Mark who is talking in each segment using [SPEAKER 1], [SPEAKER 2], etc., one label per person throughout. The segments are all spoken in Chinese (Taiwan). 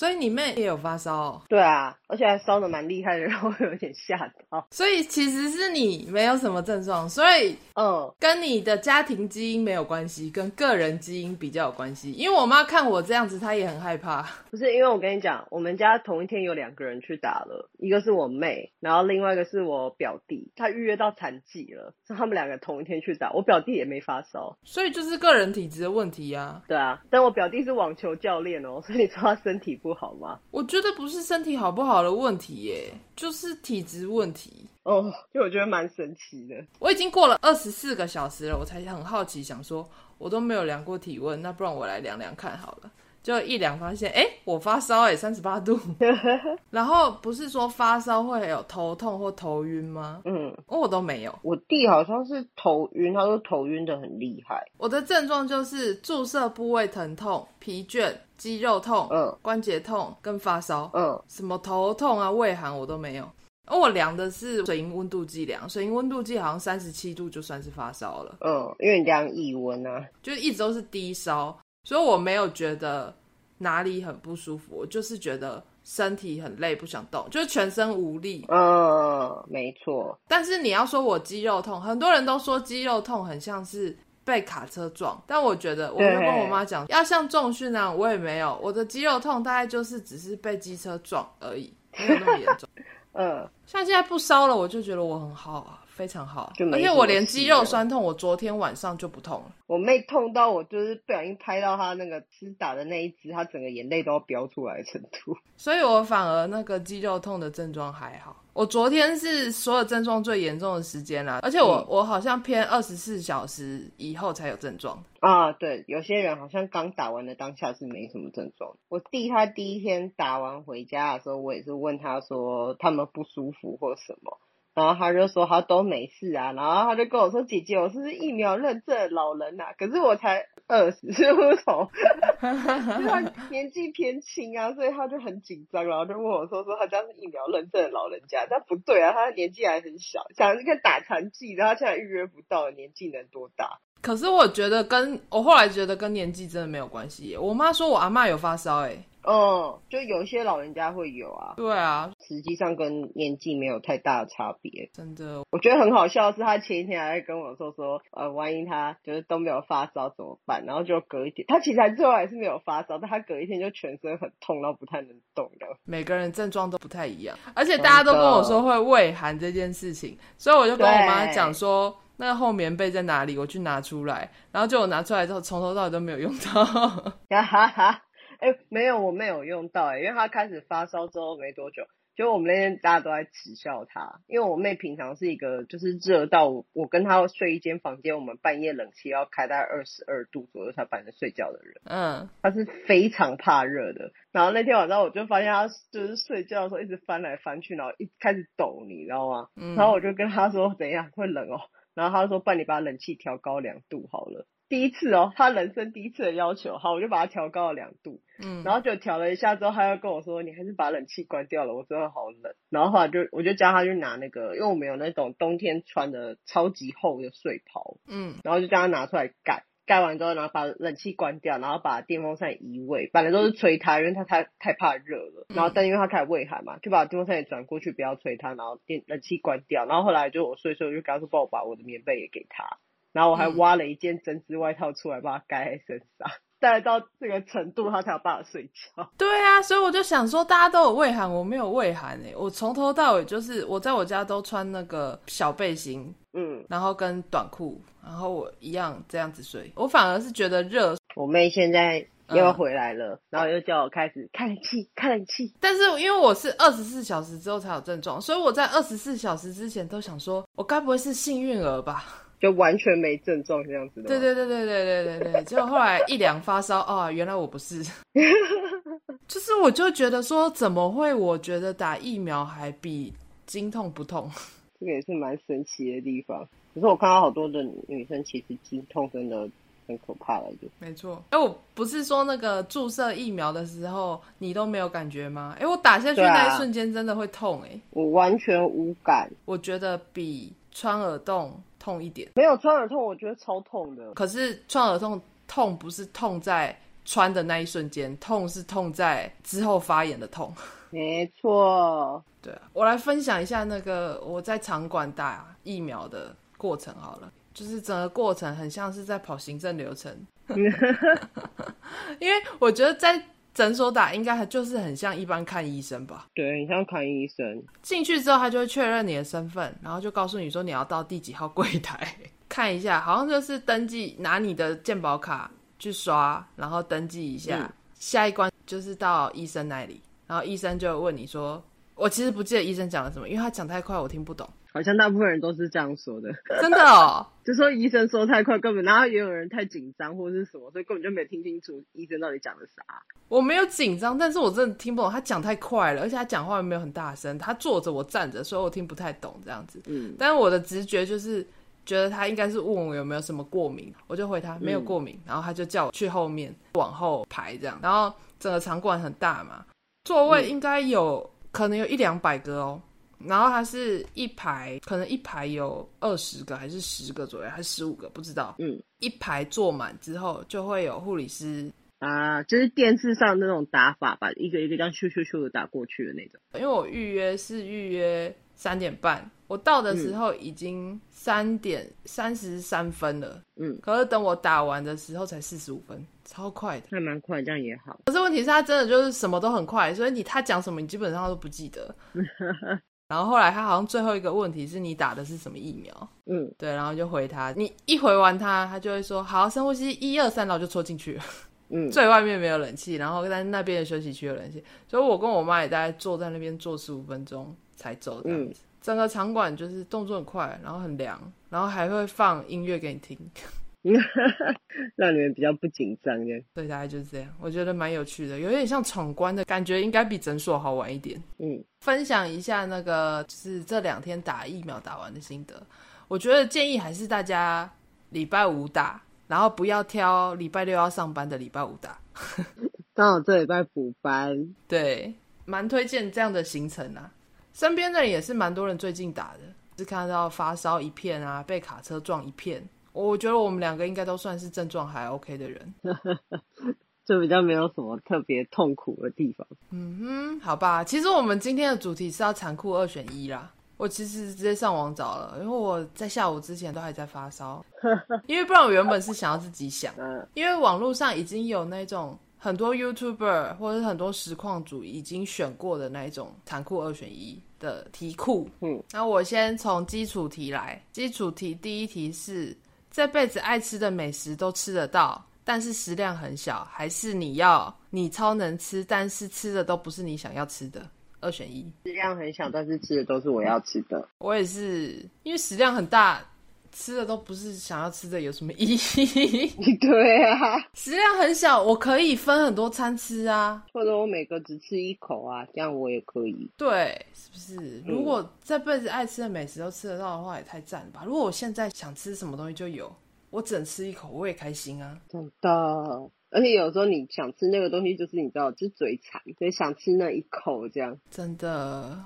[SPEAKER 1] 所以你妹也有發燒哦？對啊。而且還燒得蠻厲害的，讓我有點嚇到。所以其實是你沒有什麼症狀，所以嗯，跟你的家庭基因沒有關係，跟個人基因比較有關係。因為我媽看我這樣子，她也很害怕。不是，因為我跟你講，
[SPEAKER 2] 我們家同一天有兩個人去打了，一個是我妹，然後另外一個是我表弟，他預約到殘劑了，所以他們兩個同一天去打，我表弟也沒發燒，所以就是個
[SPEAKER 1] 人體質的問題啊。對啊，但我表弟是網球教練哦、喔，所以你說他身體不好嗎？我覺得不是身體好不好。的問題耶，就是體質問題哦，就我覺得蠻神奇的。我已經過了二十四個小時了，我才很好奇，想說我都沒有量過體溫，那不然我來量量看好了。就一量發現，哎、欸，我發燒哎、欸，三十八度。 然後不是說發燒會有頭痛或頭暈嗎？嗯，我都沒有。我弟好像是頭暈，他說頭暈的很厲害。我的症狀就是注射部位疼痛、疲倦、肌肉痛、呃、嗯、關節痛跟發燒，嗯，什麼頭痛啊、胃寒我都沒有。我量的是水銀溫度計量，水銀溫度計好像三十七度就算是發燒
[SPEAKER 2] 了。嗯，因為你這樣一溫啊，
[SPEAKER 1] 就是一直都是低燒。所以我沒有覺得哪裡很不舒服，我就是覺得身體很累，不想動，就是全身無力。嗯、哦，沒錯。但是你要說我肌肉痛，很多人都說肌肉痛很像是被卡車撞，但我覺得我沒有跟我媽講，對要像重訓那樣，我也沒有。我的肌肉痛大概就是只是被機車撞而已，沒有那麼嚴重。嗯、 呃，像現在不燒了，我就覺得我很好。非常好，就沒什麼事了。而且我連肌肉痠痛，我昨天晚上就不痛。我妹痛
[SPEAKER 2] 到我就是不小心拍到她那個吃打的那一隻，她整個眼淚都要飆出來的程度。
[SPEAKER 1] 所以我反而那個肌肉痛的症狀還好。我昨天是所有症狀最嚴重的時間啦，而且我我好像偏二十四小時以後才有症狀。嗯。啊，
[SPEAKER 2] 對，有些人好像剛打完的當下是沒什麼症狀。我弟他第一天打完回家的時候，我也是問他說他們不舒服或什麼。然後他就說：“他都沒事啊。”然後他就跟我說：“姐姐，我是不是疫苗認證的老人啊？可是我才二十出頭， 就是他年紀偏輕啊，所以他就很緊張，然後就問我說：‘說他這樣是疫苗認證的老人家？’但不對啊，他年紀還很小，想去看打殘劑，然後他現在預約不到，年紀能多大？
[SPEAKER 1] 可是我覺得跟，跟我後來覺得跟年紀真的沒有關係耶。我媽說我阿嬤有發燒哎。”哦，就有些
[SPEAKER 2] 老人家會有啊。
[SPEAKER 1] 對啊，實際上跟年紀沒有太大的差別。真的，
[SPEAKER 2] 我覺得很好笑的是，他前一天還在跟我說說，呃，萬一他就是都沒有發燒怎麼辦？然後就隔一天，他其實還最後還是沒有發燒，但他隔一天就全身很痛，然後不太能
[SPEAKER 1] 動了。每個人症狀都不太一樣，而且大家都跟我說會畏寒這件事情，的所以我就跟我媽講說，對那個厚棉被在哪裡？我去拿出來。然後就我拿出來之後，從頭到尾都沒有用到。哈哈。
[SPEAKER 2] 哎、欸，沒有，我沒有用到哎，因為他開始發燒之後沒多久，就我們那天大家都在恥笑他，因為我妹平常是一個就是熱到我，我跟她睡一間房間，我們半夜冷氣要開大概二十二度左右才辦得睡覺的人，嗯，她是非常怕熱的。然後那天晚上我就發現她就是睡覺的時候一直翻來翻去，然後一開始抖，你知道嗎？然後我就跟她說，mm. 等一下會冷哦？然後她說，幫你把冷氣調高兩度好了。第一次哦，他人生第一次的要求，好，我就把它調高了兩度，嗯，然後就調了一下之後，他就跟我說：“你還是把冷氣關掉了，我真的好冷。”然後後來就，我就叫他去拿那個，因為我沒有那種冬天穿的超級厚的睡袍，嗯，然後就叫他拿出來蓋，蓋完之後，然後把冷氣關掉，然後把電風扇移位，本來都是吹他，因為他太太怕熱了，然後但因為他太畏寒嘛，就把電風扇也轉過去，不要吹他，然後電冷氣關掉，然後後來就我睡的時候，我就跟他說：“幫我把我的棉被也給他。”然後我還挖了一件針織外套出來，把它蓋在身上，大概到這個程度，它才有辦法睡
[SPEAKER 1] 覺。嗯、對啊，所以我就想說，大家都有胃寒，我沒有胃寒誒，我從頭到尾就是我在我家都穿那個小背心，嗯，然後跟短褲，然後我一樣這樣子睡。我反而是覺得熱。我妹現在又回來了，嗯、然後又叫我開始開冷氣、開冷氣。看氣，但是因為我是二十四小時之後才有症狀，所以我在二十四小時之前都想說，我該不會是幸運兒吧？
[SPEAKER 2] 就完全沒症狀這樣子的，
[SPEAKER 1] 對，對對對對對對對對， 結果後來一量發燒，哦，原來我不是。 就是我就覺得說，怎麼會？我覺得打疫苗還比經痛不痛，這個也是蠻
[SPEAKER 2] 神奇的地方。可是我看到好多的女生，其實經痛真的很可怕了，就。
[SPEAKER 1] 沒錯，哎，我不是說那個注射疫苗的時候你都沒有感覺嗎？哎、欸，我打下去那一瞬間真的會痛、欸，哎、
[SPEAKER 2] 啊，我完全無感。
[SPEAKER 1] 我覺得比穿耳洞。痛一點沒有穿耳痛。我覺得超痛的。可是穿耳痛痛不是痛在穿的那一瞬間，痛是痛在之後發炎的痛。沒錯，對啊，我來分享一下那個我在場館打啊，疫苗的過程好了，就是整個過程很像是在跑行政流程， 因為我覺得在。診所打應該就是很像一般看醫生吧？對，很像看醫生，進去之後他就會確認你的身份，然後就告訴你說你要到第幾號櫃檯看一下，好像就是登記拿你的健保卡去刷，然後登記一下。嗯，下一關就是到醫生那裡，然後醫生就會問你說。我其實不記得醫生講了什麼，因為他講太快，我聽不懂。好像大部分人都是這樣說的，真
[SPEAKER 2] 的哦， 就說醫生說太快，根本，然後也有人太緊張或是什麼，所以根本就沒有聽清楚醫生到底講的啥。
[SPEAKER 1] 我沒有緊張，但是我真的聽不懂，他講太快了，而且他講話又沒有很大聲，他坐着我站着，所以我聽不太懂這樣子。嗯，但是我的直覺就是覺得他應該是問我有沒有什麼過敏，我就回他沒有過敏，嗯、然後他就叫我去後面往後排這樣，然後整個場館很大嘛，座位應該有，可能有一兩百個哦，然後它是一排，可能一排有二十個還是十個左右，還是十五個，不知道。嗯，一排坐滿之後，就會有護理師啊，就是電視上那種打法吧，一個一個這樣咻咻咻
[SPEAKER 2] 的打過去的那種。
[SPEAKER 1] 因為我預約是預約三點半，我到的時候已經三點三十三分了，嗯，可是等我打完的時候才四十五分。超快的，還蠻快，這樣也好。可是問題是，他真的就是什麼都很快，所以你他講什麼，你基本上都不記得。 然後後來他好像最後一個問題是你打的是什麼疫苗？嗯，對，然後就回他，你一回完他，他就會說好，深呼吸，一二三，然後就戳進去了。 嗯，最外面沒有冷氣，然後在那邊的休息區有冷氣，所以我跟我媽也大概坐在那邊坐十五分鐘才走的。嗯，整個場館就是動作很快，然後很涼，然後還會放音樂給你聽。
[SPEAKER 2] 讓你們比較不緊張，耶，對，
[SPEAKER 1] 所以大概就是這樣。我覺得蠻有趣的，有點像闖關的感覺，應該比診所好玩一點。嗯，分享一下那個，就是這兩天打疫苗打完的心得。我覺得建議還是大家禮拜五打，然後不要挑禮拜六要上班的禮拜五打。
[SPEAKER 2] 剛 好這禮拜
[SPEAKER 1] 補班，對，蠻推薦這樣的行程啊。身邊的人也是蠻多人最近打的，是看到發燒一片啊，被卡車撞一片。我覺得我們兩個應該都算是症狀還 OK 的人，
[SPEAKER 2] 就比較沒有什麼特別痛苦的地方。
[SPEAKER 1] 嗯哼，好吧。其實我們今天的主題是要殘酷二選一啦。我其實直接上網找了，因為我在下午之前都還在發燒， 因為不然我原本是想要自己想，因為網絡上已經有那種很多 YouTuber 或者很多實況主已經選過的那一種殘酷二選一的題庫。嗯，那我先從基礎題來，基礎題第一題是。這輩子愛吃的美食都吃得到，但是食量很小；還是你要你超能吃，但是吃的都不是你想要吃的。二選一，
[SPEAKER 2] 食量很小，但是吃的都是我要吃的。
[SPEAKER 1] 我也是，因為食量很大。吃的都不是想要吃的，有什麼意義？對啊，食量很小，我可以分很多餐吃啊，或者我每個只吃一口啊，這樣我也可以。對，是不
[SPEAKER 2] 是？如果
[SPEAKER 1] 這輩子愛吃的美食都吃得到的話，也太讚了吧！如果我現在想吃什麼東西就有，我整吃一口我也開心啊，真的。
[SPEAKER 2] 而且有時候你想吃那個東西，就是你知道吃，就嘴饞，所以想吃那一
[SPEAKER 1] 口，這樣真的。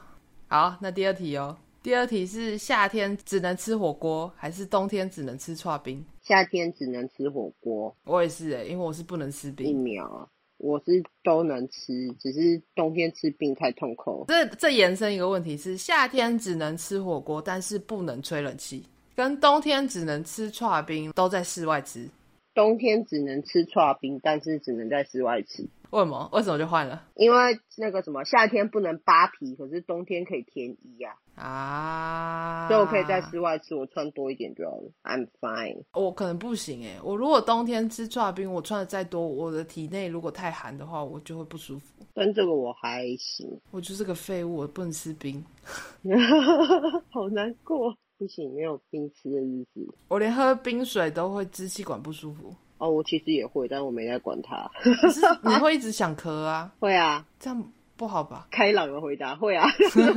[SPEAKER 1] 好，那第二題哦。第二題是，夏天只能吃火鍋，還是冬天只能吃刨冰？
[SPEAKER 2] 夏天只能吃火鍋。我也是耶，因為我是不能吃冰。疫苗啊，
[SPEAKER 1] 我是都能吃，只
[SPEAKER 2] 是冬天吃冰太痛苦。這
[SPEAKER 1] 這延伸一個問題是，夏天只能吃火鍋，但是不能吹冷氣，跟冬天只能吃刨冰都在室外吃。冬天只能吃剉冰，但是只能在室外吃。為什麼？為什麼就換了？
[SPEAKER 2] 因為那個什麼，夏天不能扒皮，可是冬天可以添衣呀。啊，啊所以我可以在室外吃，我穿多一點就好了。I'm fine。
[SPEAKER 1] 我可能不行誒，我如果冬天吃剉冰，我穿的再多，我的體內如果太寒的話，我就會不舒服。但這個我還行，我就是個廢物，我不能吃冰，
[SPEAKER 2] 好難過。
[SPEAKER 1] 不行，沒有冰吃的意思。我連喝冰水都會支氣管不舒服。哦，我其實也會，但我沒在管它。 你會一直想咳啊？會啊，這樣不好吧？
[SPEAKER 2] 開朗的回答會啊， 是是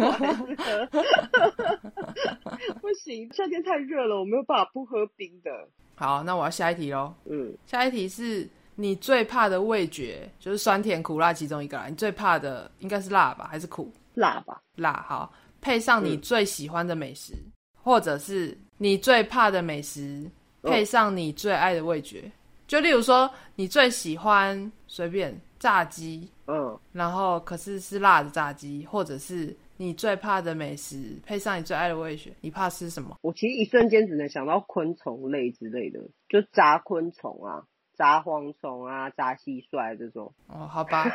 [SPEAKER 2] 不行，夏天太熱了，我沒有辦法不喝冰的。
[SPEAKER 1] 好，那我要下一題嘍。嗯，下一題是你最怕的味覺，就是酸甜苦辣其中一個。你最怕的應該是辣吧，還是苦？辣吧，辣。好，配上你最喜歡的美食。嗯或者是你最怕的美食，配上你最愛的味覺，oh. 就例如說你最喜歡隨便炸雞，嗯，oh. 然後可是是辣的炸雞，或者是你最怕的美食配上你最愛的味覺，你怕吃什麼？
[SPEAKER 2] 我其實一瞬間只能想到昆蟲類之類的，就炸昆蟲啊。炸蝗蟲啊，炸蟋蟀這種哦，好
[SPEAKER 1] 吧，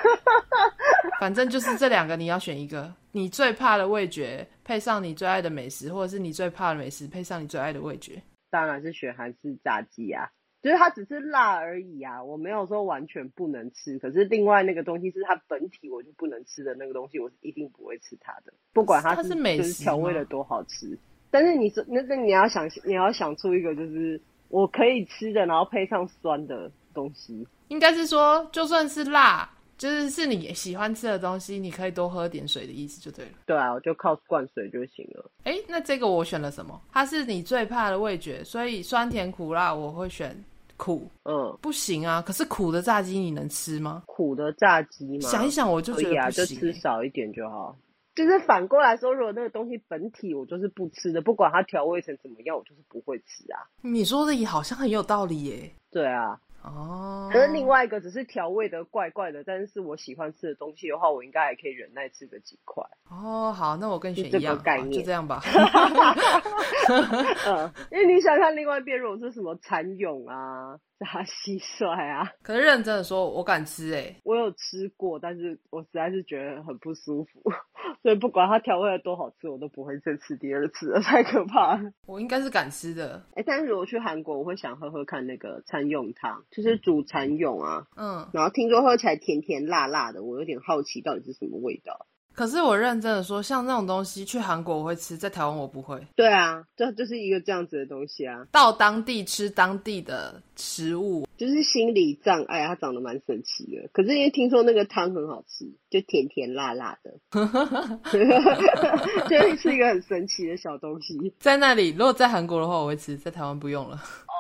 [SPEAKER 1] 反正就是這兩個你要選一個，你最怕的味覺配上你最愛的美食，或者是你最怕的美食配上你最愛的味覺。當然是選韓式炸雞啊，就
[SPEAKER 2] 是它只是辣而已啊，我沒有說完全不能吃，可是另外那個東西是它本體我就不能吃的那個東西，我是一定不會吃它的，不管它是，它是美食調味了多好吃，但是你說那那你要想你要想出一個就是。我可以吃的，然後配上酸的東西，
[SPEAKER 1] 應該是說，就算是辣，就是是你喜歡吃的東西，你可以多喝點水的意思就對了。對啊，我就靠灌水就行了。哎、欸，那這個我選了什麼？它是你最怕的味覺，所以酸甜苦辣，我會選苦。嗯，不行啊！可是苦的炸雞你能吃嗎？苦的炸雞嗎？想一想，我就覺得不行欸，可以啊，就吃少一點就好。
[SPEAKER 2] 就是反過來說，如果那個東西本體我就是不吃的，不管它調味成怎麼樣，我就是不會吃啊。
[SPEAKER 1] 你說的也好像很有道理耶。對啊。哦，可是另
[SPEAKER 2] 外一個只是調味的怪怪的，但是我喜歡吃的東西的話，我應該也可以忍耐吃個幾塊。
[SPEAKER 1] 哦，好，那我跟你選一樣這個概念，就這樣吧。
[SPEAKER 2] 嗯，因為你想看另外一邊如果是什麼蠶蛹啊、炸蟋蟀
[SPEAKER 1] 啊？可是認真的說，我敢吃、欸，
[SPEAKER 2] 哎，我有吃過，但是我實在是覺得很不舒服，所以不管它調味了多少次，我都不會再吃第二次了，太可怕了，
[SPEAKER 1] 我應該是敢吃的，
[SPEAKER 2] 哎、欸，但是如果去韓國，我會想喝喝看那個蠶蛹湯。就是煮蠶蛹啊，嗯，然後聽說喝起來甜甜辣辣的，我有點好奇到底是什麼味道。
[SPEAKER 1] 可是我認真的說，像這種東西去韓國我會吃，在台灣我不會。對啊，這就，就是一個這樣子的東西啊，到當地吃當地的食物，就是心
[SPEAKER 2] 理障礙啊。它長得蠻神奇的，可是因為聽說那個湯很好吃，就甜甜辣辣的，哈哈哈哈，是一個很神奇的小東
[SPEAKER 1] 西。在那裡，如果在韓國的話我會吃，在台灣不用了。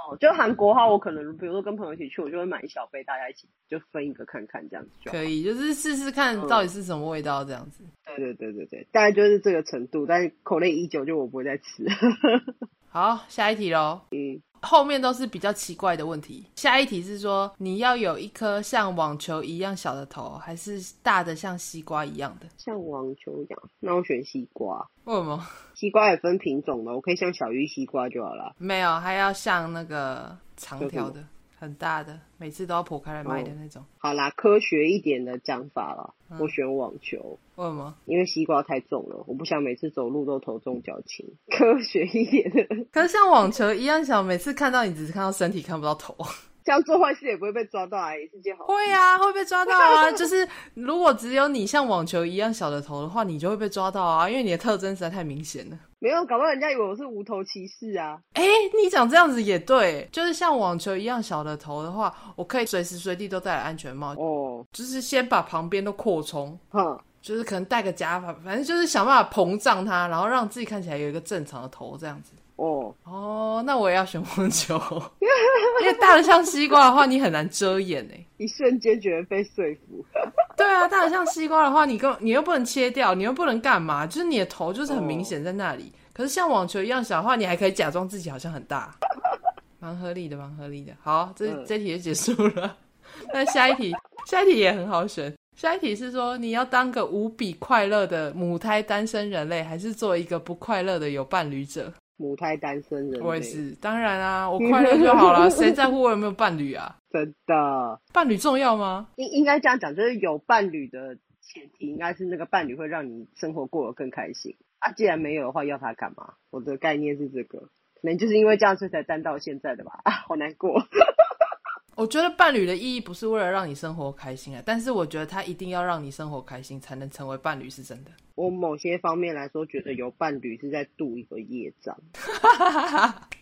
[SPEAKER 1] 哦，就韓國話，我可能比如說跟朋友一起去，我就會買
[SPEAKER 2] 一小杯，大家一起就分一個看看這樣子就。可
[SPEAKER 1] 以，就是試試看到底是什麼味道這樣子、嗯。對
[SPEAKER 2] 對對對對，大概就是這個程度，但是口令已久，就我不會再吃。
[SPEAKER 1] 好，下一題嘍。嗯。後面都是比較奇怪的問題。下一題是說，你要有一顆像網球一樣小的頭，還是大的像西瓜一樣的？
[SPEAKER 2] 像網球一樣。那我選西瓜。為什麼？西瓜也分品種的，我可以像小玉西瓜就好了
[SPEAKER 1] 啊。沒有，還要像那個長條的。很大的，每次都要剖開來賣的那種。
[SPEAKER 2] 嗯、好啦，科學一點的講法啦。嗯、我選網球。為什麼？因為西瓜太重了，我不想每次走路都頭重腳輕。
[SPEAKER 1] 科學一點的，可是像網球一樣，想每次看到你，只是看到身體，看不到頭。這
[SPEAKER 2] 樣做壞事也不會被抓到啊，也是件好。會啊，
[SPEAKER 1] 會被抓到啊！ 就是如果只有你像網球一樣小的頭的話，你就會被抓到啊，因為你的特徵實在太明顯了。
[SPEAKER 2] 沒有，搞到人家以為我是無頭騎士啊！
[SPEAKER 1] 哎、欸，你講這樣子也對，就是像網球一樣小的頭的話，我可以隨時隨地都戴安全帽哦，oh. 就是先把旁邊都擴充，哼，Huh. 就是可能戴個假髮，反正就是想辦法膨脹它，然後讓自己看起來有一個正常的頭這樣子。哦、oh. 哦，那我也要選網球。 因為大的像西瓜的話，你很難遮掩呢。一瞬間覺得被說服。 對啊，大的像西瓜的話，你跟你又不能切掉，你又不能幹嘛？就是你的頭就是很明顯在那裡。Oh. 可是像網球一樣小的話，你還可以假裝自己好像很大，蠻合理的，蠻合理的。好，這、嗯、這題就結束了。 那下一題，下一題也很好選。下一題是說，你要當個無比快樂的母胎單身人類，還是做一個不快樂的有伴侶者？母胎單身
[SPEAKER 2] 人我也是，
[SPEAKER 1] 當然啊，我快樂就好啦，誰 在乎我有沒有伴侶啊？真
[SPEAKER 2] 的，伴侶重要嗎？應應該這樣講，就是有伴侶的前提，應該是那個伴侶會讓你生活過得更開心。啊，既然沒有的話，要他幹嘛？我的概念是這個，可能就是因為這樣子才單到現在的吧，啊，好難過。
[SPEAKER 1] 我覺得伴侶的意義不是為了讓你生活開心啊，但是我覺得他一定要讓你生活開心，才能成為伴侶是真的。
[SPEAKER 2] 我某些方面來說，覺得有伴侶是在度一個業障，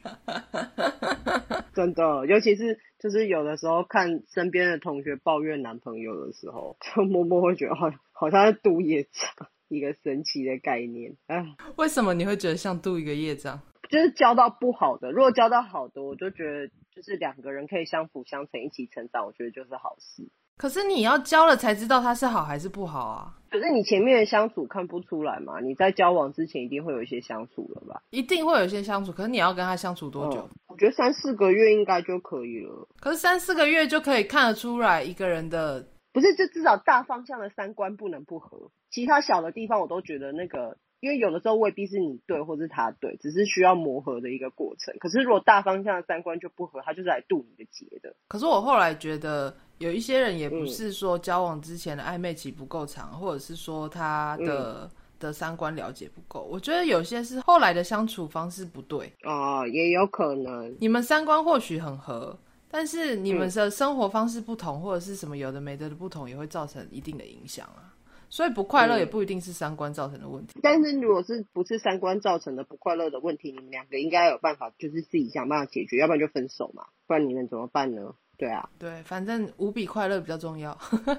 [SPEAKER 2] 真的。尤其是就是有的時候看身邊的同學抱怨男朋友的時候，就默默會覺得好，好好像是度業障，一個神奇的概念。哎，
[SPEAKER 1] 為什麼你會覺得像度一個業障？
[SPEAKER 2] 就是交到不好的，如果交到好的，我就覺得就是兩個人可以相輔相成，一起成長，
[SPEAKER 1] 我覺得就是好事。可是你要交了才知道他是好還是不好啊？可是你前面
[SPEAKER 2] 的相處看不出來嘛？你在交往之前一定會有一些相處了吧？
[SPEAKER 1] 一定會有一些相處。可是你要跟他相處多久？嗯，我覺得三四個月應該就可以了。可是三四個月就可以看得出來一個人的，
[SPEAKER 2] 不是？就至少大方向的三觀不能不合，其他小的地方我都覺得那個。因為有的時候未必是你對，或是他對，只是需要磨合的一個過程。可是如果大方向的三觀就不合，他就是來渡你的劫的。
[SPEAKER 1] 可是我後來覺得，有一些人也不是說交往之前的曖昧期不夠長，嗯、或者是說他的、嗯、的三觀了解不夠。我覺得有些是後來的相處方式不對哦，也有可能你們三觀或許很合，但是你們的生活方式不同，嗯、或者是什麼有的沒的的不同，也會造成一定的影響啊。所以不快樂也不一定是三觀造成的問題。嗯，但是
[SPEAKER 2] 如果是不是三觀造成的不快樂的問題，你們兩個應該有辦法，就是自己想辦法解決，要不然就分手嘛，不然你能怎麼辦呢？對啊，
[SPEAKER 1] 對，反正無比快樂比較重要。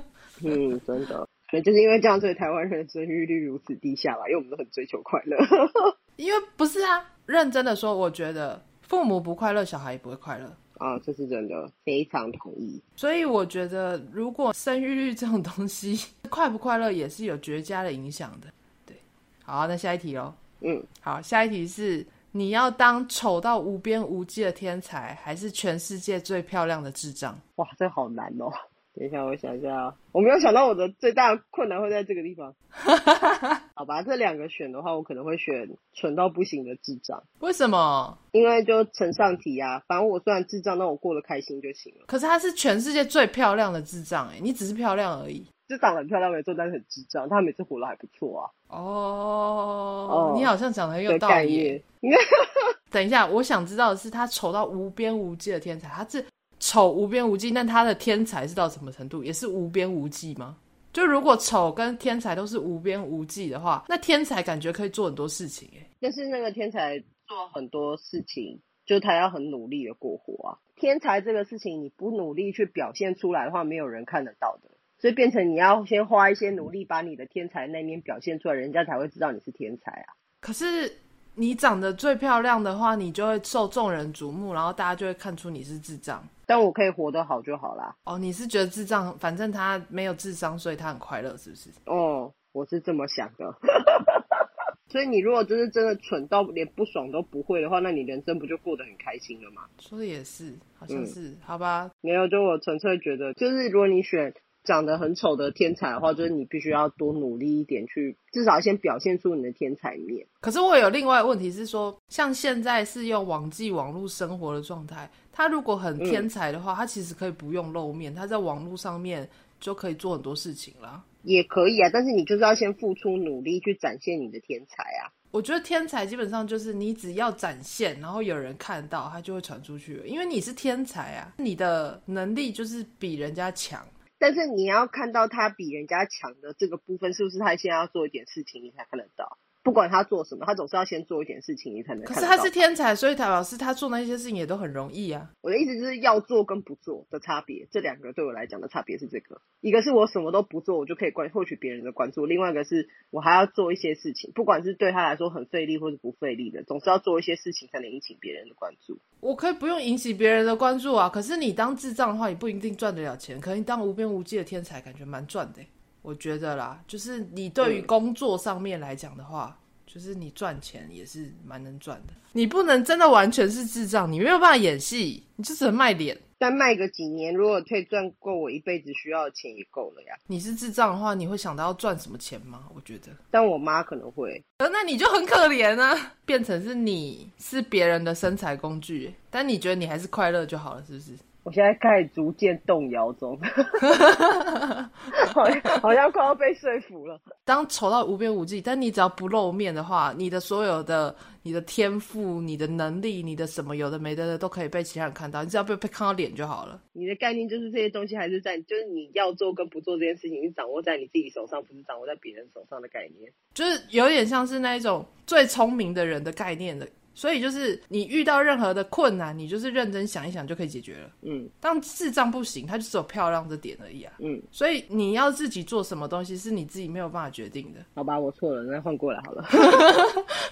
[SPEAKER 1] 嗯，
[SPEAKER 2] 真的，所以就是因為這樣，
[SPEAKER 1] 所以台灣人的
[SPEAKER 2] 生育率如此低下吧，因為我們都很追求快樂。
[SPEAKER 1] 因為不是啊，認真的說，我覺得父母不快樂，小孩也不會快樂。啊，這、哦就是真的，非常同意。所以我覺得，如果生育率這種東西快不快樂，也是有絕佳的影響的。對，好，那下一題咯。嗯，好，下一題是：你要當醜到無邊無際的天才，還是全世界最漂亮的智障？哇，這好難哦。等一下，我想一下
[SPEAKER 2] 啊，我沒有想到我的最
[SPEAKER 1] 大的困難會在這個地方。
[SPEAKER 2] 好吧，這兩個選的話，我可能會選蠢到不行的智障。為什麼？因為就承上題啊。反正我雖然智障，但我過得開心就行了。
[SPEAKER 1] 可是他是全世界最漂亮的智障哎、欸，你只是漂亮而已，就長得很漂亮，沒錯，但是很智障。他每次活得還不錯啊。哦，oh, oh, 你好像講的很有道理耶。對概 等一下，我想知道的是，他醜到無邊無際的天才，他是。醜無邊無際，那他的天才是到什麼程度？也是無邊無際嗎？就如果醜跟天才都是無邊無際的話，那天才感覺可以做很多事情欸。
[SPEAKER 2] 但是那個天才做很多事情，就他要很努力的過活啊。天才這個事情，你不努力去表現出來的話，沒有人看得到的。所以變成你要先花一些努力，把你的天才那邊表現出來，人家才會知道你是天才啊。
[SPEAKER 1] 可是。你長得最漂亮的話，你就會受眾人矚目，然後大家就會看出你是智障。
[SPEAKER 2] 但我可以活得好就好啦。
[SPEAKER 1] 哦，你是覺得智障，反正他沒有智商，所以他很快樂，是不是？
[SPEAKER 2] 哦，我是這麼想的。 所以你如果就是真的蠢到連不爽都不會的話，那你人生不就過得很開心了嗎？
[SPEAKER 1] 說的也是，好像是、嗯、
[SPEAKER 2] 好吧？沒有，就我純粹覺得，就是如果你選。長得很醜的天才的話，就是你必須要多努力一點，去至少先表現出你的天才面。
[SPEAKER 1] 可是我有另外一個問題是說，像現在是用網際網絡生活的狀態，他如果很天才的話，嗯，他其實可以不用露面，他在網絡上面就可以做很多事情啦，
[SPEAKER 2] 也可以啊。但是你就是要先付出努力去展現你的天才啊。
[SPEAKER 1] 我覺得天才基本上就是你只要展現，然後有人看到，他就會傳出去，因為你是天才啊，你的能力就是比人家強。
[SPEAKER 2] 但是你要看到他比人家強的這個部分，是不是他現在要做一點事情，你才看得到？不管他做什麼，他總是要先做一點事情，你才能看到他。可是他是
[SPEAKER 1] 天才，所以他老師他做那些事情也都很容易啊。
[SPEAKER 2] 我的意思就是要做跟不做的差別，這兩個對我來講的差別是這個：一個是我什麼都不做，我就可以關獲取別人的關注，另外一個是我還要做一些事情，不管是對他來說很費力或者不費力的，總是要做一些事情才能引起別人的關注。
[SPEAKER 1] 我可以不用引起別人的關注啊。可是你當智障的話，你不一定賺得了錢。可是你當無邊無際的天才，感覺蠻賺的、欸。我覺得啦，就是你對於工作上面來講的話，對就是你賺錢也是蠻能賺的。你不能真的完全是智障，你沒有辦法演戲，你就只能賣臉。但賣個幾年，如果可以賺夠我一輩子需要的錢也夠了呀。你是智障的話，你會想到要賺什麼錢嗎？我覺得，但我媽可能會。那你就很可憐啊， 變成是你，是別人的身材工具。但你覺得你還是快樂就好了，是不是？
[SPEAKER 2] 我現在開始逐漸動搖中 好，
[SPEAKER 1] 好像快要被說服了。當醜到無邊無際，但你只要不露面的話，你的所有的、你的天賦、你的能力、你的什麼有的沒的的都可以被其他人看到，你只要被看到臉就好了。
[SPEAKER 2] 你的概念就是這些東西還是在，就是你要做跟不做這件事情你掌握在你自己手上，不是掌握在別人手上的概
[SPEAKER 1] 念，就是有點像是那一種最聰明的人的概念的。所以就是你遇到任何的困難，你就是認真想一想就可以解決了。嗯，但智障不行，他就只有漂亮這點而已啊。嗯，所以你要自己做什麼東西，是你自己沒有辦法決定的。好吧，我錯了，那換過來好了。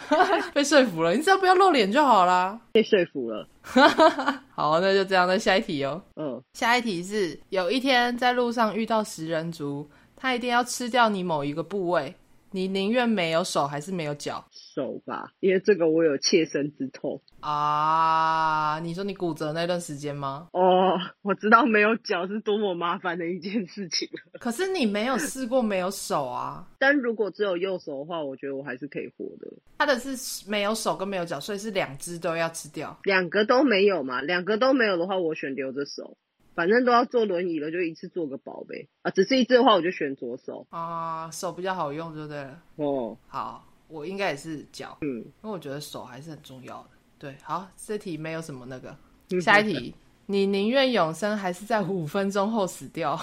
[SPEAKER 1] 被說服了，你知道不要露臉就好啦。被說服了。 好，那就這樣。那下一題哦。嗯、哦，下一題是：有一天在路上遇到食人族，他一定要吃掉你某一個部位。你寧願沒有手還是沒有腳？手吧，
[SPEAKER 2] 因為這個我有切身之痛
[SPEAKER 1] 啊！Uh, 你說你骨折那段時間嗎？哦，oh, 我知道沒有腳是多麼麻煩的一件事情。可是你沒有試過沒有手啊！
[SPEAKER 2] 但如果只有右手的話，我覺得我還是可以活的。
[SPEAKER 1] 他的是沒有手跟沒有腳，所以是兩隻都要吃掉。
[SPEAKER 2] 兩個都沒有嘛？兩個都沒有的話，我選留着手。反正都要坐輪椅了，就一次坐個飽唄啊！只是一次的話，我就選左手
[SPEAKER 1] 啊，手比較好用，就對了。哦，oh. 好，我應該也是腳，嗯，因為我覺得手還是很重要的。對，好，這題沒有什麼那個。下一題， 你寧願永生，還是在五分鐘後死掉？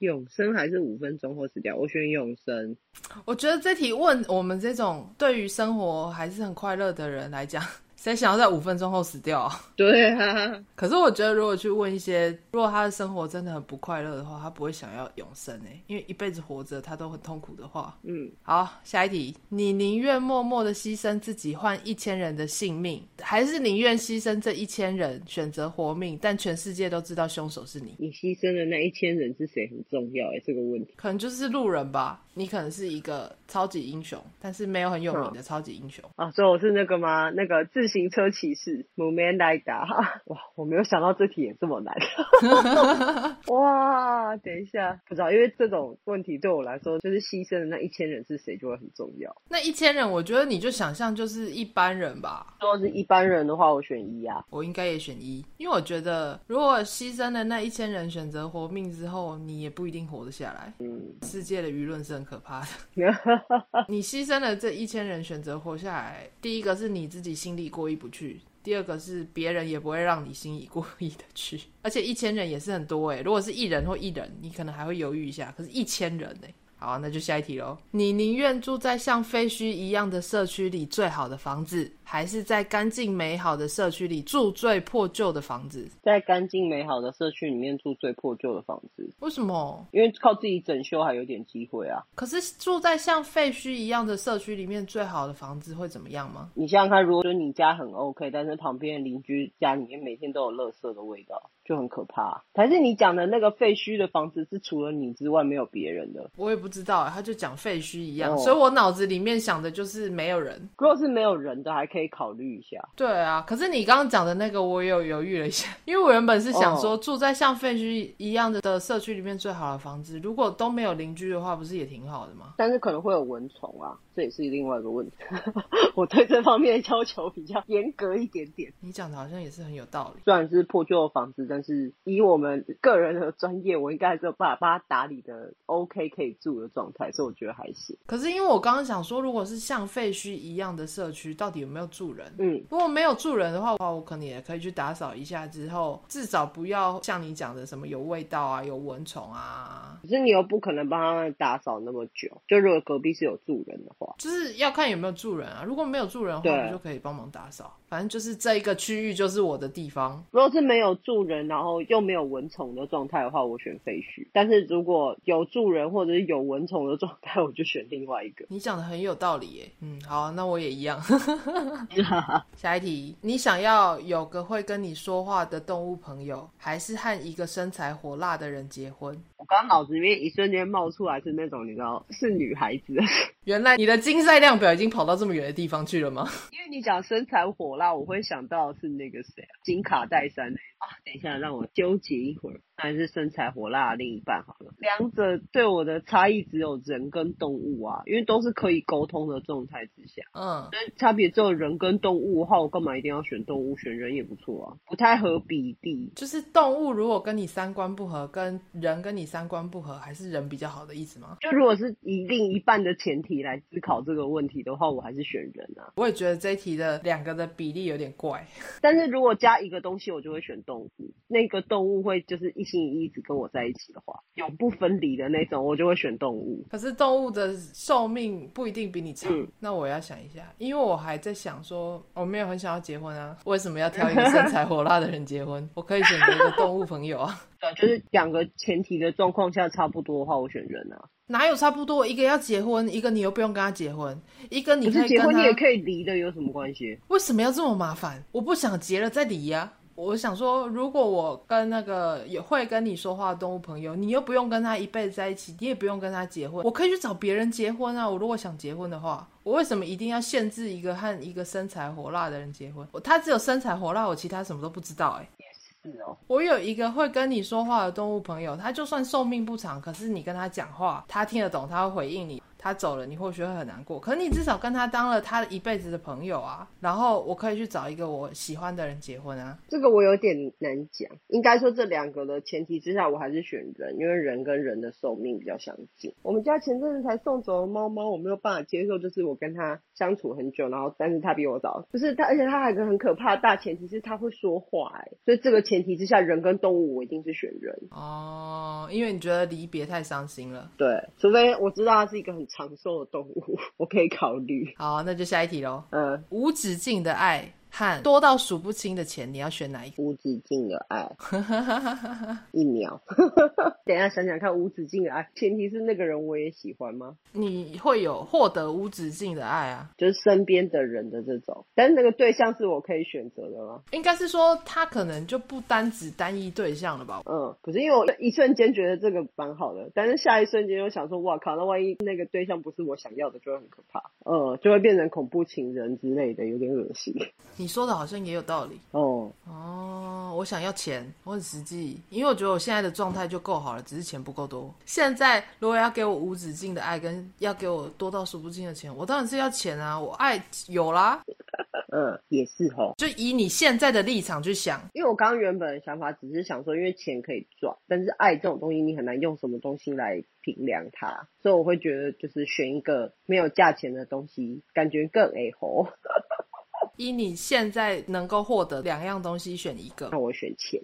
[SPEAKER 1] 永生還是五分鐘後死掉？我選永生。我覺得這題問我們這種對於生活還是很快樂的人來講。在想要在五分鐘後死掉。對啊。可是我覺得，如果去問一些，如果他的生活真的很不快樂的話，他不會想要永生誒、欸，因為一輩子活着他都很痛苦的話。嗯，好，下一題，你寧願默默的犧牲自己換一千人的性命，還是寧願犧牲這一千人選擇活命？但全世界都知道兇手是你，你犧牲的那一千人是誰？很重要哎、欸，這個問題，可能就是路人吧。你可能是一個超級英雄，但是沒有很有名的超級英雄、嗯、啊，所以我是那個嗎？
[SPEAKER 2] 那個自行車騎士 m u m e n i d a 哇，
[SPEAKER 1] 我沒有想到這
[SPEAKER 2] 題也這麼難。 哇，等一下，不知道，因為這種問題對我來說，就是犧牲的那一千人是誰就會很重要。
[SPEAKER 1] 那一千人，我覺得你就想象就是一般人吧。如果是一般人的話，我選一啊，我應該也選一，因為我覺得如果犧牲的那一千人選擇活命之後，你也不一定活得下來。嗯，世界的輿論是，可怕的，你犧牲了這一千人選擇活下來，第一個是你自己心裡過意不去，第二個是別人也不會讓你心裡過意的去，而且一千人也是很多哎、欸，如果是一人或一人，你可能還會猶豫一下，可是，一千人呢、欸？好、啊，那就下一題嘍，你寧願住在像廢墟一樣的社區裡最好的房子。還是在乾淨美好的社區裡住最破舊的房子，
[SPEAKER 2] 在乾淨美好的社區裡面住最破舊的房子，
[SPEAKER 1] 為什麼？
[SPEAKER 2] 因為靠自己整修還有點機會啊。
[SPEAKER 1] 可是住在像廢墟一樣的社區裡面，最好的房子會怎麼樣嗎？你
[SPEAKER 2] 想想看，如果說你家很 OK，但是旁邊的鄰居家裡面每天都有垃圾的味道，就很可怕啊。還是你講的那個廢墟的房子是除了你之外沒有別人的？
[SPEAKER 1] 我也不知道欸，他就講廢墟一樣，哦。所以我腦子裡面想的就是沒有人。如果是沒有人的還可以。可以考慮一下，對啊，可是你剛剛講的那個我也有猶豫了一下，因為我原本是想說住在像廢墟一樣的的社區裡面最好的房子，如果都沒有鄰居的話，不是也挺好的嗎？
[SPEAKER 2] 但是可能會有蚊蟲啊，這也是另外一個問題。 我對這方面的要求比較嚴格一點點。
[SPEAKER 1] 你講的好像也是很有道理，
[SPEAKER 2] 雖然是破舊的房子，但是以我們個人的專業，我應該還是有辦法把它打理的 OK 可以住的狀態，所以我覺得還行。
[SPEAKER 1] 可是因為我剛剛想說，如果是像廢墟一樣的社區，到底有沒有？住人，嗯，如果沒有住人的話，我可能也可以去打掃一下，之後至少不要像你講的什麼有味道啊，有蚊蟲啊。
[SPEAKER 2] 可是你又不可能幫他們打掃那麼久。就如果隔壁是有住人的話，就
[SPEAKER 1] 是要看有沒有住人啊。如果沒有住人的話，對我就可以幫忙打掃。反正就是這一個區域就是我的地方。如
[SPEAKER 2] 果是沒有住人，然後又沒有蚊蟲的狀態的話，我選廢墟。但是如果有住人或者是有蚊蟲的狀態，我就選另外一個。你講
[SPEAKER 1] 的很有道理耶。嗯，好啊，那我也一樣。 下一題，你想要有個會跟你說話的動物朋友，還是和一個身材火辣的人結婚？我剛腦子裡面一瞬間冒出來是那種，你知道，是女孩子。 原來你的金賽量表已經跑到這麼遠的地方去了嗎？
[SPEAKER 2] 因為你講身材火辣，我會想到是那個誰，啊，金卡戴珊啊。等一下，讓
[SPEAKER 1] 我糾結一會兒，還是身材
[SPEAKER 2] 火辣的另一半好了。兩者對我的差異只有人跟動物啊，因為都是可以溝通的狀態之下，嗯，差別只有人跟動物。後，我幹嘛一定要選動物？
[SPEAKER 1] 選人也不錯啊，不太合比例。就是動物如果跟你三觀不合，跟人跟你三。三觀不合還是人比較好的意思嗎？就如
[SPEAKER 2] 果是以另一半的前提來思考這個問題的話，我還是選人
[SPEAKER 1] 啊。我也覺得這一題的兩個的比例有點怪。
[SPEAKER 2] 但是如果加一個東西，我就會選動物。那個動物會就是一心一意，只跟我在一起的話，永不分離的那種，我就會選動物。
[SPEAKER 1] 可是動物的壽命不一定比你長，嗯、那我要想一下，因為我還在想說，我沒有很想要結婚啊，為什麼要挑一個身材火辣的人結婚？ 我可以選擇一個動物朋友啊。 就是兩個前
[SPEAKER 2] 提的狀況下差不多的話，我選人哪、啊？
[SPEAKER 1] 哪有差不多？一個要結婚，一個你又不用跟他結婚，一個你可以跟他是結婚也可以離的，有什麼關係？為什麼要這麼麻煩？我不想結了再離呀、啊！我想說，如果我跟那個也會跟你說話的動物朋友，你又不用跟他一輩子在一起，你也不用跟他結婚，我可以去找別人結婚啊！我如果想結婚的話，我為什麼一定要限制一個和一個身材火辣的人結婚？他只有身材火辣，我其他什麼都不知道哎、欸。是哦。我有一個會跟你說話的動物朋友，他就算壽命不長，可是你跟他講話，他聽得懂，他會回應你。他走了，你或許會很難過，可是你至少跟他當了他一輩子的朋友啊。然後我可以去找一個我喜歡的人結婚啊。
[SPEAKER 2] 這個我有點難講，應該說，這兩個的前提之下，我還是選人，因為人跟人的壽命比較相近。我們家前陣子才送走了貓貓，我沒有辦法接受，就是我跟他。相處很久，然後但是他比我早，不、就是他，而且他還有一個很可怕的大前提，是他會說話、欸，所以這個前提之下，人跟動物我一定是選人。哦，
[SPEAKER 1] 因為你覺得離別太傷心了，對，除非我知道它是一個很長壽的動物，我可以考慮。好，那就下一題嘍，呃、嗯，無止境的愛。看多到數不清的錢，你要選哪一個？無止境的愛， 一秒。
[SPEAKER 2] 等一下，想想看，無止境的愛前提是那個人我也喜歡嗎？
[SPEAKER 1] 你會有獲得無止境的愛啊？
[SPEAKER 2] 就是身邊的人的這種，但是那個對象是我可以選擇的嗎？
[SPEAKER 1] 應該是說他可能就不單只單一對象了吧？嗯，不
[SPEAKER 2] 是，因為我一瞬間覺得這個蠻好的，但是下一瞬間又想說，哇靠，那萬一那個對象不是我想要的，就會很可怕，嗯，就會變成恐怖情人之類的，有點惡心。
[SPEAKER 1] 你說的好像也有道理哦、oh. 哦,我想要錢，我很實際，因為我覺得我現在的狀態就夠好了,只是錢不夠多。現在如果要給我無止境的愛，跟要給我多到數不盡的錢，我當然是要錢啊！我愛有啦，嗯，也是哦。就以你現在的立場去想，因為我剛剛原本的想法只是想說，因為錢可以賺，但是愛這種東
[SPEAKER 2] 西你很難用什麼東西來衡量它，所以我會覺得就是選一個沒有價錢的東西，感覺更 A 哈。
[SPEAKER 1] 依你現在能夠獲得兩樣東西，選一個，那我選錢。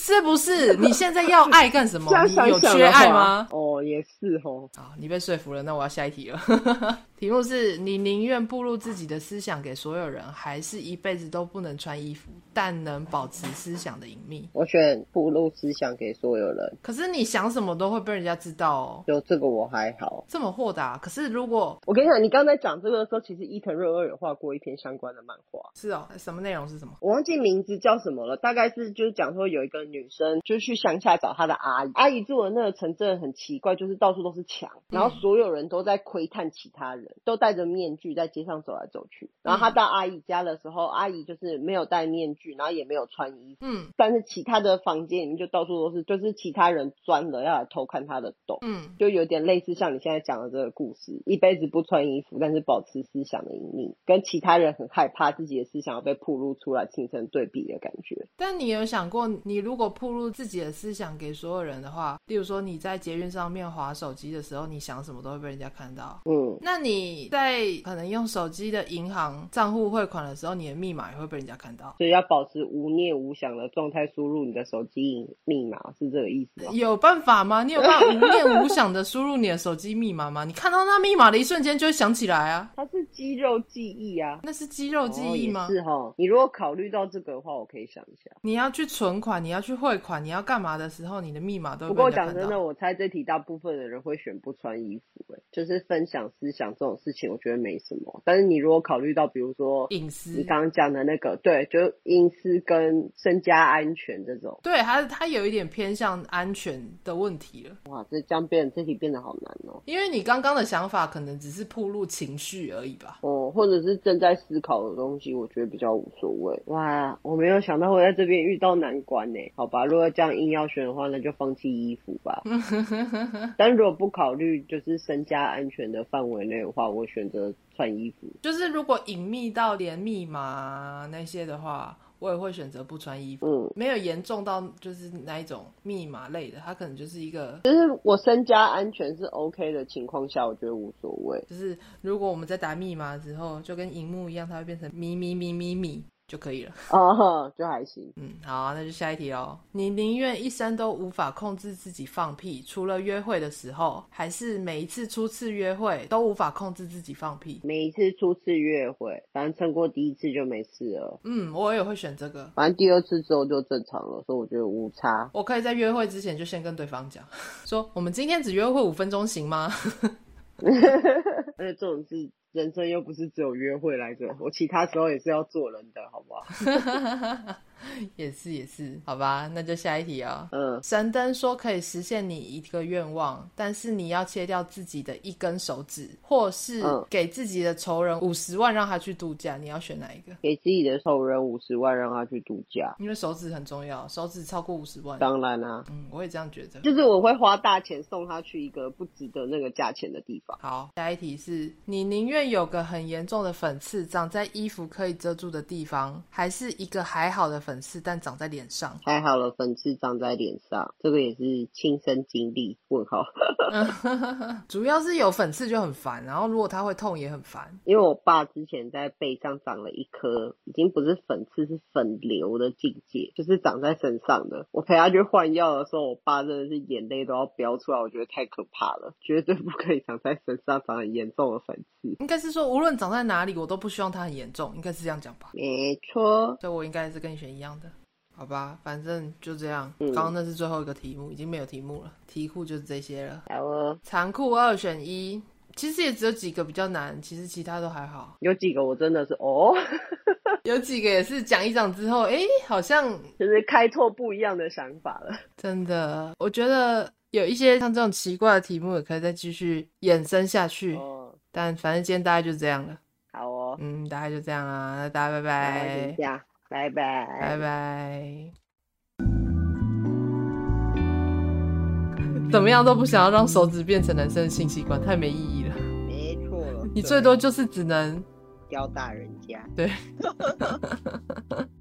[SPEAKER 1] 是不是你現在要愛幹什麼 想想？你有缺愛嗎？哦，也是哦。啊，你被說服了，那我要下一題了。 題目是你寧願暴露自己的思想給所有人，還是一輩子都不能穿衣服，但能保持思想的隱秘？
[SPEAKER 2] 我選暴露思想給所有人。可
[SPEAKER 1] 是你想什麼都會被人家知道
[SPEAKER 2] 哦。就這個我還好，
[SPEAKER 1] 這麼豁達、啊。可是如果我跟你講，你剛才講這個的時候，其實伊藤潤二有畫過一篇相關的漫畫。是哦，什麼內容是什麼？
[SPEAKER 2] 我忘記名字叫什麼了。大概是就是講說有一個。女生就去鄉下找她的阿姨，阿姨住的那個城鎮很奇怪，就是到處都是牆，然後所有人都在窺探其他人，嗯、都戴着面具在街上走來走去。然後她到阿姨家的時候，阿姨就是沒有戴面具，然後也沒有穿衣服，嗯，但是其他的房間裡面就到處都是，就是其他人鑽了要來偷看她的洞，嗯，就有點類似像你現在講的這個故事，一輩子不穿衣服，但是保持思想的隱秘，跟其他人很害怕自己的思想要被暴露出來，形成對比的感覺。
[SPEAKER 1] 但你有想過，你如果如果暴露自己的思想給所有人的話，例如說你在捷運上面滑手機的時候，你想什麼都會被人家看到。嗯，那你在可能用手機的銀行賬戶匯款的時候，你的密碼也會被人家看到。
[SPEAKER 2] 所以要保持無念無想的狀態輸入你的手機密碼，是這個意思。有
[SPEAKER 1] 辦法嗎？你有辦法無念無想的輸入你的手機密碼嗎？ 你看到那密碼的一瞬間就會想起來啊。它是肌肉記憶啊，那是肌肉記憶嗎？哦、是哈、哦。你如果考慮到這個的話，我可以想一下。你要去存款，你要去。去匯款，你要幹嘛的時候，你的密碼都不過講真的，
[SPEAKER 2] 我猜這題大部分的人會選不穿衣服、欸、就是分享思想這種事情，我覺得沒什麼。但是你如果考慮到，比如說隱私，你剛剛講的那個，隱私，對，就隱私跟身家安全這種，
[SPEAKER 1] 對，它它有一點偏向安全的問題了。哇，這樣變這題變得好難哦、喔。因為你剛剛的想法可能只是暴露情緒而已吧。哦，或者是正在思考的東西，我覺得比較無所謂。哇，
[SPEAKER 2] 我沒有想到會在這邊遇到難關呢、欸。好吧，如果這樣硬要選的話，那就放棄衣服吧。 但如果不考慮就是身家安全的範圍內的話，我選擇穿衣服。
[SPEAKER 1] 就是如果隱秘到連密碼那些的話，我也會選擇不穿衣服。嗯，沒有嚴重到就是那一種密碼類的，它可能就是一個。
[SPEAKER 2] 就是我身家安全是 OK 的情況下，我覺得無所謂。就
[SPEAKER 1] 是如果我們在打密碼之後，就跟熒幕一樣，它會變成咪咪咪咪咪咪咪。就可以了哦，oh, 就還行。嗯，好、啊，那就下一題哦。你寧願一生都無法控制自己放屁，除了約會的時候，還是每一次初次約會都無法控制自己放屁？
[SPEAKER 2] 每一次初次約會，反正撐過第一次就沒事了。
[SPEAKER 1] 嗯，我也會選這個。
[SPEAKER 2] 反正第二次之後就正常了，所以我覺得無差。
[SPEAKER 1] 我可以在約會之前就先跟對方講，說我們今天只約會五分鐘，行嗎？而 且 這種
[SPEAKER 2] 是。人生又不是只有約會來着，我其他時候也是要做人的，好不好？
[SPEAKER 1] 也是也是，好吧，那就下一題啊、哦。嗯，神燈說可以實現你一個願望，但是你要切掉自己的一根手指，或是給自己的仇人五十萬讓他去度假，你要選哪一個？
[SPEAKER 2] 給自己的仇人五十萬讓他去度假，
[SPEAKER 1] 因為手指很重要，手指超過五十萬，當然啦、啊。嗯，我也這樣覺得，就是我會花大錢送他去一個不值得那個價錢的地方。好，下一題是：你寧願有個很嚴重的粉刺長在衣服可以遮住的地方，還是一個還好的粉？粉刺，但長在臉上，
[SPEAKER 2] 太好了。粉刺長在臉上，這個也是親身經歷。問號， 主
[SPEAKER 1] 要是有粉刺就很煩，然後如果它會痛也很煩。
[SPEAKER 2] 因為我爸之前在背上長了一顆，已經不是粉刺，是粉瘤的境界，就是長在身上的。我陪他去換藥的時候，我爸真的是眼淚都要飆出來，我覺得太可怕了，絕對不可以長在身上，長很嚴重的粉刺，
[SPEAKER 1] 應該是說無論長在哪裡，我都不希望它很嚴重，應該是這樣講吧？沒錯，所以我應該是更選一。一樣的，好吧，反正就這樣。剛剛、嗯、那是最後一個題目，已經沒有題目了，題庫就是這些了。好哦，殘酷二選一，其實也只有幾個比較難，其實其他都還好。有幾個我真的是哦， 有幾個也是講一講之後，哎、欸，好像就是開拓不一樣的想法了。真的，我覺得有一些像這種奇怪的題目，也可以再繼續衍生下去。哦，但反正今天大概就是這樣了。好哦，嗯，大概就這樣啊，那大家拜拜。拜拜。拜拜，拜拜 bye。 怎麼樣都不想要讓手指變成男生的性器官，太沒意義了。沒錯錯， 你最多就是只能
[SPEAKER 2] 吊打人家。對。